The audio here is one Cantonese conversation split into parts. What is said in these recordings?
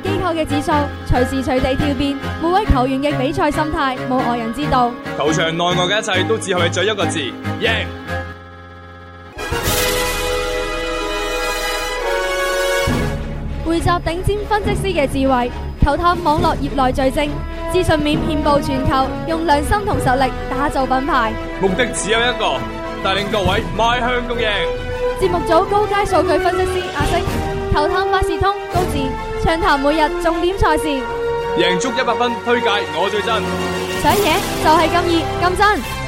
機構嘅指數隨時隨地跳變，每位球員嘅比賽心態冇外人知道。球場內外嘅一切都只係在一個字：贏。匯集頂尖分析師嘅智慧，球探網絡業內最精，資訊面遍布全球，用良心同實力打造品牌。目的只有一個，帶領各位邁向共贏。節目組高階數據分析師阿星，球探百事通高智。暢談每日重點賽事，贏足一百分，推介我最真，想贏就係咁熱咁真。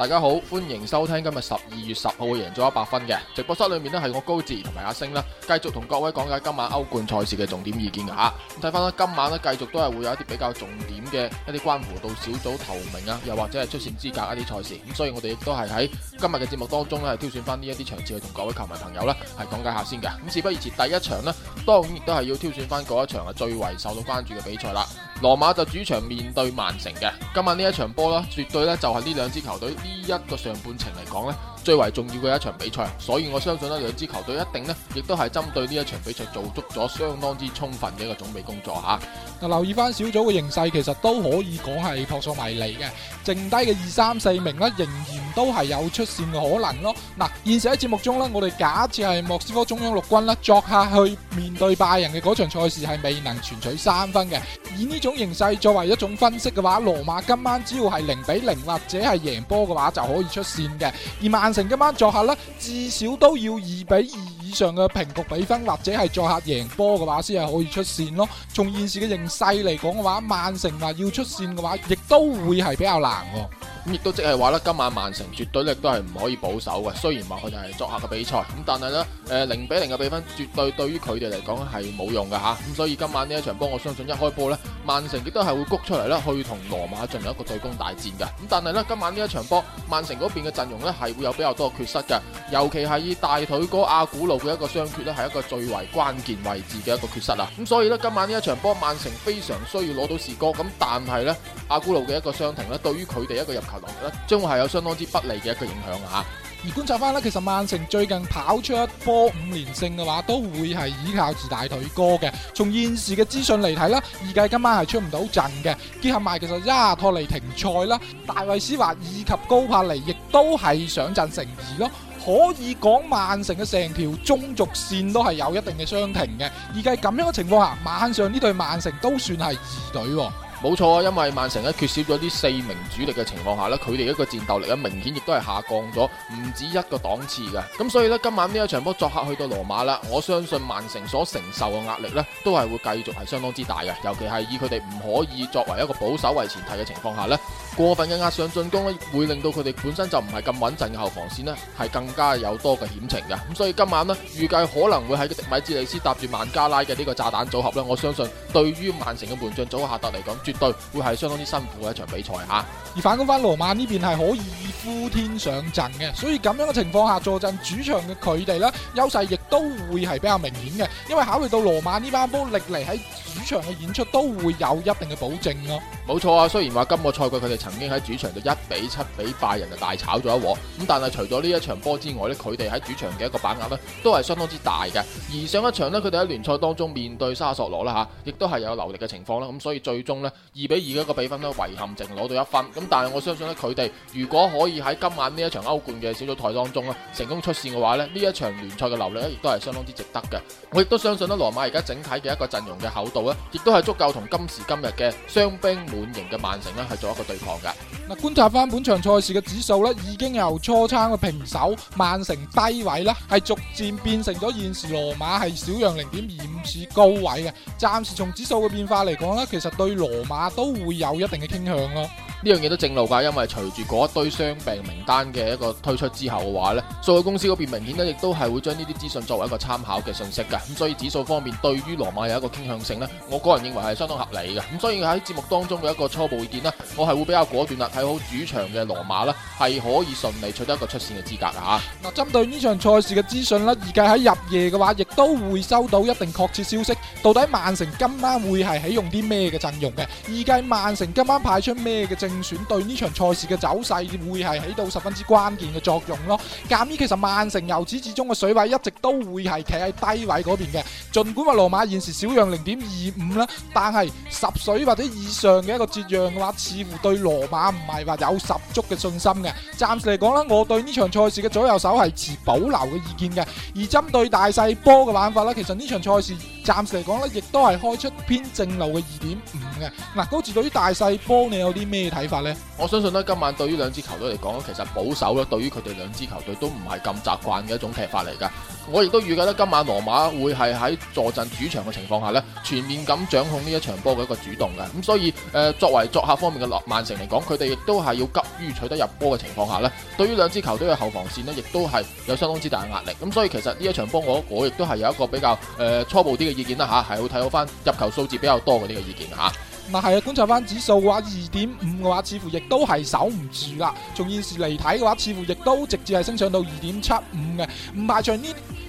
大家好，歡迎收聽今日十二月十號嘅贏足 100FUN 嘅直播室裏面呢，係我高志同埋阿星啦，繼續同各位講解今晚歐冠賽事嘅重點意見嘅吓。咁睇翻啦，今晚呢繼續都係會有一啲比較重點嘅一啲關乎到小組頭名啊，又或者係出線資格一啲賽事。咁所以我哋亦都係喺今日嘅節目當中咧，係挑選翻呢一啲場次去同各位球迷朋友咧係講解一下先嘅。咁事不宜遲，第一場呢。當然亦都係要挑選翻嗰一場啊，最為受到關注嘅比賽啦。羅馬就主場面對曼城，嘅今晚呢一場波啦，絕對咧就係呢兩支球隊呢一個上半程嚟講咧最為重要嘅一場比賽，所以我相信咧，兩支球隊一定咧，亦都係針對呢一場比賽做足咗相當之充分嘅一個準備工作吓。嗱，留意翻，小組嘅形勢，其實都可以講係撲朔迷離嘅，剩低嘅二三四名咧，仍然都係有出線嘅可能咯。嗱，現時喺節目中咧，我哋假設係莫斯科中央陸軍咧作客去面對拜仁嘅嗰場賽事係未能全取三分嘅，以呢種形勢作為一種分析嘅話，羅馬今晚只要係零比零或者係贏波嘅話就可以出線嘅，而萬。成今晚作客啦，至少都要二比二。以上嘅平局比分或者係作客贏波嘅話，先係可以出線咯。從現時嘅形勢嚟講嘅話，曼城話要出線嘅話，亦都會係比較難嘅。咁亦都即係話咧，今晚曼城絕對咧都係唔可以保守嘅。雖然話佢哋係作客嘅比賽，咁但係咧，誒零比零嘅比分絕對對於佢哋嚟講係冇用嘅吓。咁所以今晚呢一場波，我相信一開波咧，曼城亦都係會谷出嚟啦，去同羅馬進行一個對攻大戰嘅。咁但係咧，今晚呢一場波，曼城嗰邊嘅陣容咧係會有比較多嘅缺失嘅，尤其係以大腿哥阿古路。佢一個傷缺咧，係一個最為關鍵位置嘅一個缺失啊！咁所以呢，今晚呢一場波，曼城非常需要攞到時歌。咁但係呢，阿古路嘅一個傷停咧，對於佢哋一個入球能力咧，將會係有相當之不利嘅一個影響嚇。而觀察翻咧，其實曼城最近跑出一波五連勝嘅話，都會係依靠住大腿哥嘅。從現時嘅資訊嚟睇咧，預計今晚係出唔到陣嘅，結合埋其實亞托尼停賽啦，大衛斯華以及高帕尼亦都係上陣成疑咯。可以講曼城嘅成條中軸線都係有一定嘅傷停嘅。預計咁樣嘅情況下，晚上呢隊曼城都算係二隊。冇錯啊，因為曼城咧缺少咗呢四名主力嘅情況下咧，佢哋一個戰鬥力咧明顯亦都係下降咗，唔止一個檔次嘅。咁所以呢，今晚呢一場波作客去到羅馬啦，我相信曼城所承受嘅壓力呢，都係會繼續係相當之大嘅，尤其係以佢哋唔可以作為一個保守為前提嘅情況下咧，過分嘅壓上進攻咧會令到佢哋本身就唔係咁穩陣嘅後防線呢係更加有多嘅險情嘅。咁所以今晚呢，預計可能會喺迪米智利斯搭住曼加拉嘅呢個炸彈組合，我相信對於曼城嘅門將組合下達嚟講。絕對會係相當之辛苦嘅一場比賽吓。而反觀翻羅馬呢邊係可以呼天上陣嘅，所以咁樣嘅情況下坐陣主場嘅佢哋呢，優勢亦都會係比較明顯嘅。因為考慮到羅馬呢班波歷嚟喺主場嘅演出都會有一定嘅保證咯。冇錯啊，雖然話今個賽季佢哋曾經喺主場就一比七比拜仁就大炒咗一鑊，咁但係除咗呢一場波之外呢，佢哋喺主場嘅一個把握呢，都係相當之大嘅。而上一場呢，佢哋喺聯賽當中面對沙索羅啦吓，亦都係有流力嘅情況啦，咁所以最終呢。二比二嘅一個比分咧，遺憾淨攞到一分。咁但係我相信呢，佢哋如果可以喺今晚呢一場歐冠嘅小組賽當中咧，成功出線嘅話呢，呢一場聯賽嘅流量咧，亦都係相當之值得嘅。我亦都相信呢，羅馬而家整體嘅一個陣容嘅厚度呢，亦都係足夠同今時今日嘅傷兵滿營嘅曼城呢係做一個對抗嘅。嗱，觀察翻本場賽事嘅指數呢，已經由初撐嘅平手曼城低位啦，係逐漸變成咗現時羅馬係小陽零點二五次高位嘅。暫時從指數嘅變化嚟講呢，其實對羅。馬都會有一定嘅傾向咯。呢樣嘢都正路噶，因為隨住嗰一堆傷病名單嘅一個推出之後嘅話呢數據公司嗰邊明顯呢亦都係會將呢啲資訊作為一個參考嘅信息噶，咁所以指數方面對於羅馬有一個傾向性咧，我個人認為係相當合理嘅，咁所以喺節目當中嘅一個初步意見咧，我係會比較果斷啦，睇好主場嘅羅馬啦，係可以順利取得一個出線嘅資格啊吓。嗱，針對呢場賽事嘅資訊咧，預計喺入夜嘅話，亦都會收到一定確切消息，到底曼城今晚會係起用啲咩嘅陣容嘅？預計曼城今晚派出咩嘅陣？競選對呢場賽事嘅走勢會係起到十分之關鍵嘅作用咯。鑒於其實曼城由始至終嘅水位一直都會係企喺低位嗰邊嘅，儘管話羅馬現時小讓零點二五啦，但係十水或者以上嘅一個折讓嘅話，似乎對羅馬唔係話有十足嘅信心嘅。暫時嚟講啦，我對呢場賽事嘅左右手係持保留嘅意見嘅。而針對大細波嘅玩法啦，其實呢場賽事暫時嚟講呢，亦都係開出偏正路嘅二點五嘅。嗱，嗰次對於大細波，你有啲咩睇？睇法咧，我相信咧今晚對於兩支球隊嚟講，其實保守咧，對於佢哋兩支球隊都唔係咁習慣嘅一種踢法嚟噶。我亦都預計咧今晚羅馬會係喺坐鎮主場嘅情況下咧，全面咁掌控呢一場波嘅一個主動噶。咁所以誒、呃、作為作客方面嘅落曼城嚟講，佢哋亦都係要急於取得入波嘅情況下咧，對於兩支球隊嘅後防線咧，亦都係有相當之大嘅壓力。咁所以其實呢一場波我我亦都係有一個比較誒、呃、初步啲嘅意見啦吓，係會睇到翻入球數字比較多嘅呢個意見吓。但係啊，觀察班指數嘅話，二點五嘅話，似乎亦都係守唔住啦。從現時嚟睇嘅話，似乎亦都直接係升上到二點七五嘅，唔排除呢。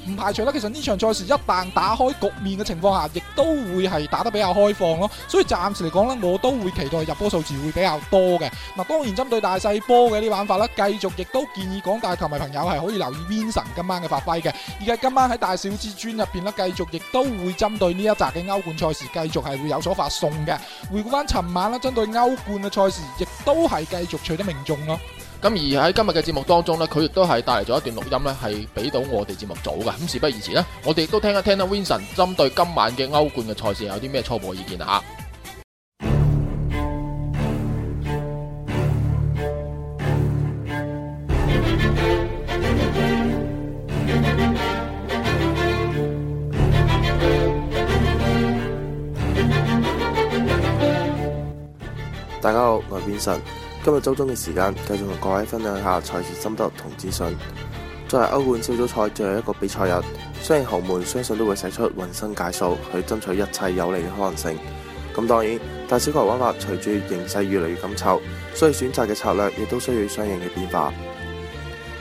唔排除啦，其實呢場賽事一旦打開局面嘅情況下，亦都會係打得比較開放咯。所以暫時嚟講咧，我都會期待入波數字會比較多嘅。嗱，當然針對大細波嘅呢玩法咧，繼續亦都建議廣大球迷朋友係可以留意 Vincent 今晚嘅發揮嘅。而家今晚喺大小至尊入邊呢，繼續亦都會針對呢一集嘅歐冠賽事繼續係會有所發送嘅。回顧翻尋晚啦，針對歐冠嘅賽事，亦都係繼續取得命中咯。咁而喺今日嘅節目當中呢，佢亦都係帶嚟咗一段錄音呢，係俾到我哋節目組嘅。咁事不宜遲呢，我哋亦都聽一聽啦 Winson 針對今晚嘅歐冠嘅賽事有啲咩初步意見啊？大家好，我係 Winson 今日周中嘅時間，繼續同各位分享一下賽事心得同資訊。作為歐冠小組賽最後一個比賽日，雖然豪門相信都會使出渾身解數去爭取一切有利嘅可能性。咁當然，大小球玩法隨住形勢越嚟越緊湊，所以選擇嘅策略亦都需要相應嘅變化。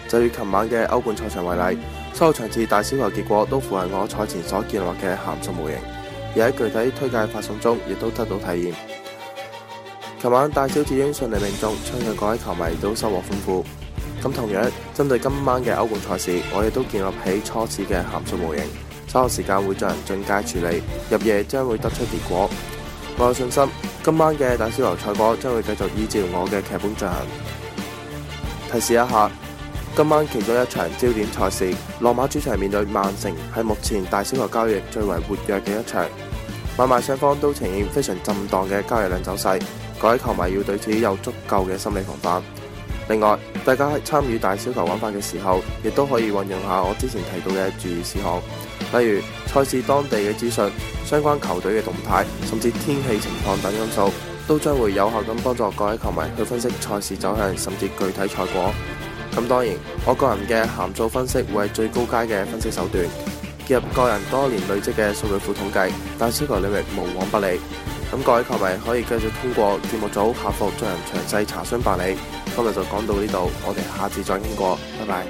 就以琴晚嘅歐冠賽場為例，所有場次大小球結果都符合我賽前所見落嘅函數模型，而喺具體推介發送中亦都得到體驗琴晚大小球已經順利命中，相信各位球迷都收穫豐富。咁同樣針對今晚嘅歐冠賽事，我亦都建立起初始嘅函數模型，稍後時間會進行進階處理，入夜將會得出結果。我有信心今晚嘅大小球賽波將會繼續依照我嘅劇本進行。提示一下，今晚其中一場焦點賽事，羅馬主場面對曼城，係目前大小球交易最為活躍嘅一場，買賣雙方都呈現非常震盪嘅交易量走勢。各位球迷要對自己有足夠嘅心理防範。另外，大家喺參與大小球玩法嘅時候，亦都可以運用下我之前提到嘅注意事項，例如賽事當地嘅資訊、相關球隊嘅動態，甚至天氣情況等因素，都將會有效咁幫助各位球迷去分析賽事走向，甚至具體賽果。咁當然，我個人嘅函數分析會係最高階嘅分析手段，結合個人多年累積嘅數據庫統計，大小球領域無往不利。各位球迷可以繼續通過節目組客服進行詳細查詢辦理，今日就講到呢度，我哋下次再傾過，拜拜。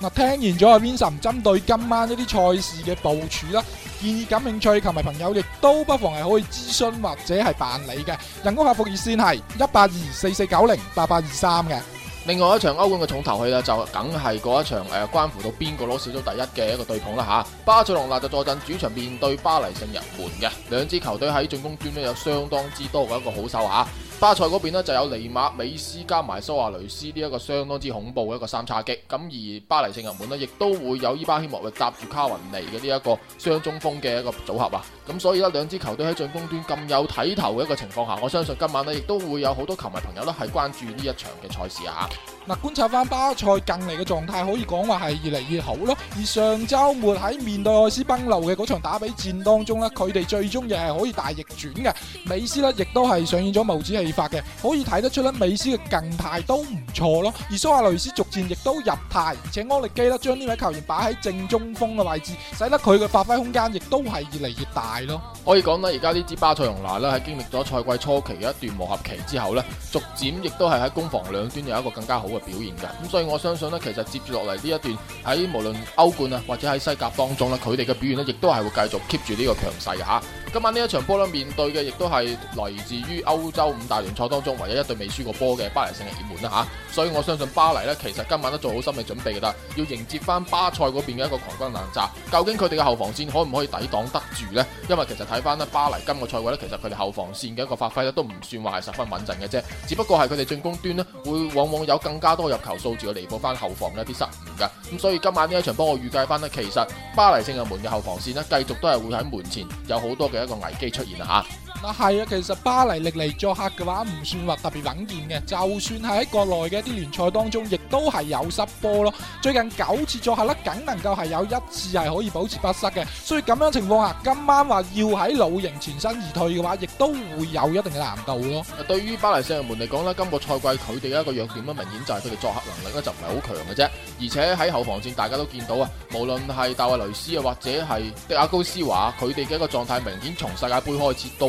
嗱，聽完咗阿 Vinson 針對今晚一啲賽事嘅部署啦，建議感興趣球迷朋友亦都不妨係可以諮詢或者係辦理嘅，人工客服熱線係一八二四四九零八八二三嘅。另外一場歐冠嘅重頭戲啦，就梗係嗰一場誒、呃、關乎到邊個攞小組第一嘅一個對碰啦嚇。巴塞隆拿就坐鎮主場面對巴黎聖日門，嘅兩支球隊喺進攻端咧有相當之多嘅一個好手嚇、啊。巴塞嗰邊呢就有尼馬、美斯加埋蘇亞雷斯呢一個相當之恐怖嘅一個三叉戟，咁而巴黎聖人門呢，亦都會有伊巴希莫域搭住卡雲尼嘅呢一個雙中鋒嘅一個組合啊，咁所以呢兩支球隊喺進攻端咁有睇頭嘅一個情況下，我相信今晚呢亦都會有好多球迷朋友呢係關注呢一場嘅賽事啊。嗱，觀察翻巴塞近嚟嘅狀態，可以講話係越嚟越好咯。而上周末喺面對愛斯賓奴嘅嗰場打比戰當中呢，佢哋最終亦係可以大逆轉嘅。美斯呢亦都係上演咗帽子戲法嘅，可以睇得出呢美斯嘅近態都唔錯咯。而蘇亞雷斯逐漸亦都入態，而且安歷基呢將呢位球員擺喺正中鋒嘅位置，使得佢嘅發揮空間亦都係越嚟越大咯。可以講呢，而家呢支巴塞隆拿呢，喺經歷咗賽季初期嘅一段磨合期之後呢，逐漸亦都係喺攻防兩端有一個更加好。嘅表現嘅，咁所以我相信咧，其實接住落嚟呢一段喺無論歐冠啊，或者喺西甲當中咧，佢哋嘅表現咧，亦都係會繼續 keep 住呢個強勢嘅吓。今晚呢一場波咧，面對嘅亦都係嚟自於歐洲五大聯賽當中唯一一隊未輸過波嘅巴黎聖日門啦嚇，所以我相信巴黎呢，其實今晚都做好心理準備嘅啦，要迎接翻巴塞嗰邊嘅一個狂轟濫炸。究竟佢哋嘅後防線可唔可以抵擋得住呢？因為其實睇翻咧，巴黎今個賽季咧，其實佢哋後防線嘅一個發揮咧，都唔算話係十分穩陣嘅啫。只不過係佢哋進攻端咧，會往往有更加多入球數字嚟補翻後防嘅一啲失誤㗎。咁所以今晚呢一場波，我預計翻呢，其實巴黎聖日門嘅後防線咧，繼續都係會喺門前有好多嘅。一個危機出現吓。嗱係啊，其實巴黎歷嚟作客嘅話唔算話特別穩健嘅，就算係喺國內嘅一啲聯賽當中，亦都係有失波咯。最近九次作客呢，僅能夠係有一次係可以保持不失嘅，所以咁樣的情況下，今晚話要喺魯營全身而退嘅話，亦都會有一定嘅難度咯。對於巴黎聖日門嚟講呢，今個賽季佢哋嘅一個弱點咧，明顯就係佢哋作客能力咧就唔係好強嘅啫，而且喺後防線大家都見到啊，無論係戴維雷斯啊，或者係迪亞高斯華，佢哋嘅一個狀態明顯從世界盃開始到。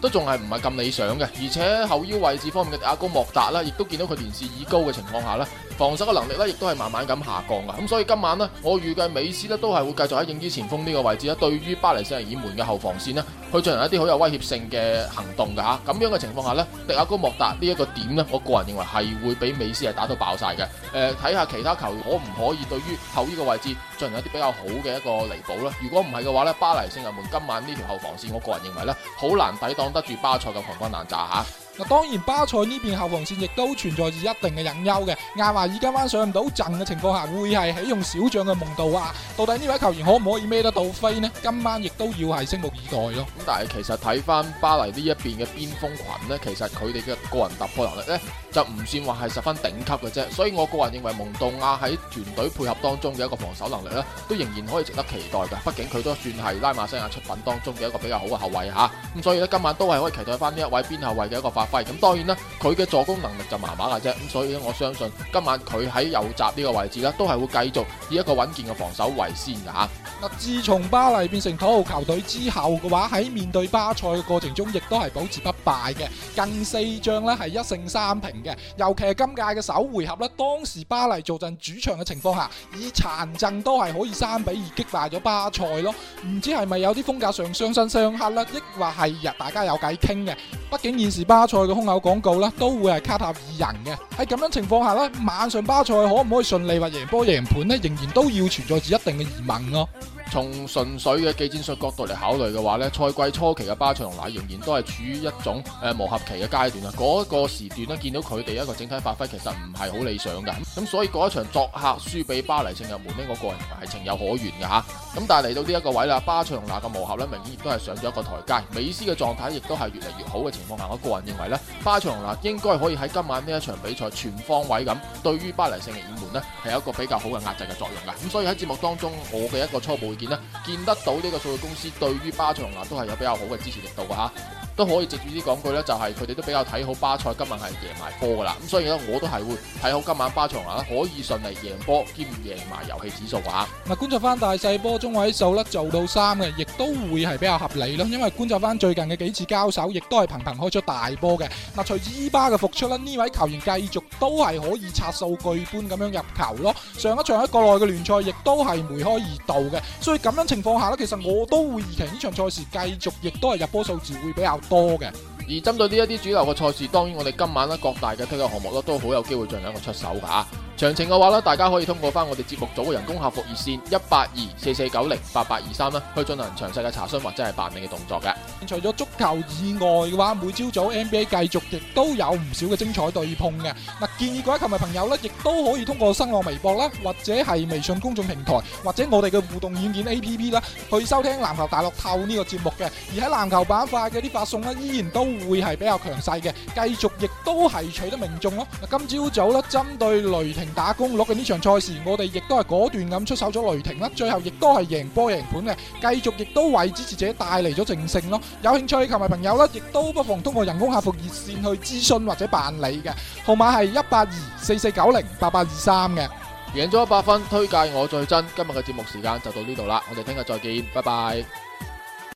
都仲係唔係咁理想嘅，而且後腰位置方面嘅迪亞高莫達啦，亦都見到佢年事已高嘅情況下啦，防守嘅能力咧，亦都係慢慢咁下降嘅。咁、嗯、所以今晚咧，我預計美斯咧都係會繼續喺影子前鋒呢個位置咧，對於巴黎聖日耳門嘅後防線咧，去進行一啲好有威脅性嘅行動噶吓、啊。咁樣嘅情況下咧，迪亞高莫達呢一個點咧，我個人認為係會俾美斯係打到爆晒嘅。誒、呃，睇下其他球員可唔可以對於後腰嘅位置進行一啲比較好嘅一個彌補啦，如果唔係嘅話咧，巴黎聖日耳門今晚呢條後防線，我個人認為咧，好難抵擋。擋得住巴塞嘅狂轟濫炸、啊、吓。嗱，當然巴塞呢邊後防線亦都存在住一定嘅隱憂嘅。亞華依今晚上唔到陣嘅情況下，會係起用小將嘅蒙杜亞、啊。到底呢位球員可唔可以孭得到飛呢？今晚亦都要係拭目以待咯。咁但係其實睇翻巴黎呢一邊嘅邊鋒群呢，其實佢哋嘅個人突破能力呢，就唔算話係十分頂級嘅啫。所以我個人認為蒙杜亞喺團隊配合當中嘅一個防守能力呢，都仍然可以值得期待嘅。畢竟佢都算係拉馬西亞出品當中嘅一個比較好嘅後衞嚇。咁所以呢，今晚都係可以期待翻呢一位邊後衞嘅一個發。咁當然啦，佢嘅助攻能力就麻麻嘅啫，咁所以咧，我相信今晚佢喺右閘呢個位置咧，都係會繼續以一個穩健嘅防守為先嘅。嗱，自從巴黎變成土豪球隊之後嘅話，喺面對巴塞嘅過程中，亦都係保持不敗嘅，近四仗咧係一勝三平嘅。尤其係今屆嘅首回合咧，當時巴黎做陣主場嘅情況下，以殘陣都係可以三比二擊敗咗巴塞咯。唔知係咪有啲風格上相生相克咧，抑或係日大家有偈傾嘅？畢竟現時巴塞嘅胸口廣告咧都會係卡塔爾人嘅。喺咁樣情況下咧，晚上巴塞可唔可以順利或贏波贏盤咧？仍然都要存在住一定嘅疑問咯。從純粹嘅技戰術角度嚟考慮嘅話呢，賽季初期嘅巴塞羅那仍然都係處於一種誒、呃、磨合期嘅階段啊！嗰、那個時段咧，見到佢哋一個整體發揮其實唔係好理想嘅。咁所以嗰一場作客輸俾巴黎聖日門呢，我、這個人認為係情有可原嘅嚇。咁但係嚟到呢一個位啦，巴塞羅那嘅磨合咧，明顯亦都係上咗一個台階。美斯嘅狀態亦都係越嚟越好嘅情況下，我個人認為呢，巴塞羅那應該可以喺今晚呢一場比賽全方位咁，對於巴黎聖日門呢，係有一個比較好嘅壓制嘅作用嘅。咁所以喺節目當中，我嘅一個初步。見啦，見得到呢個數據，公司對於巴塞羅那都係有比較好嘅支持力度噶吓。都可以藉住啲講句咧，就係佢哋都比較睇好巴塞，今晚係贏埋波噶啦。咁所以呢，我都係會睇好今晚巴場啊，可以順利贏波兼贏埋遊戲指數啊。嗱，觀察翻大細波中位數咧，做到三嘅，亦都會係比較合理咯。因為觀察翻最近嘅幾次交手，亦都係頻頻開出大波嘅。嗱，隨住伊巴嘅復出呢，呢位球員繼續都係可以拆數據般咁樣入球咯。上一場喺國內嘅聯賽，亦都係梅開二度嘅。所以咁樣情況下呢，其實我都會預期呢場賽事繼續，亦都係入波數字會比較多嘅。而針對呢一啲主流嘅賽事，當然我哋今晚呢各大嘅推介項目都好有機會盡量去出手㗎。詳情嘅話呢大家可以通過翻我哋節目組嘅人工客服熱線一八二四四九零八八二三啦，去進行詳細嘅查詢或者係辦理嘅動作嘅。除咗足球以外嘅話，每朝早 NBA 繼續亦都有唔少嘅精彩對碰嘅。嗱，建議各位球迷朋友呢亦都可以通過新浪微博啦，或者係微信公眾平台，或者我哋嘅互動軟件 APP 啦，去收聽籃球大樂透呢個節目嘅。而喺籃球板塊嘅啲發送呢依然都。會係比較強勢嘅，繼續亦都係取得命中咯。嗱，今朝早啦，針對雷霆打工攞嘅呢場賽事，我哋亦都係果斷咁出手咗雷霆啦，最後亦都係贏波贏盤嘅，繼續亦都為支持者帶嚟咗正勝咯。有興趣球迷朋友呢，亦都不妨通過人工客服熱線去諮詢或者辦理嘅，號碼係一八二四四九零八八二三嘅。贏咗一百分，推介我最真。今日嘅節目時間就到呢度啦，我哋聽日再見，拜拜。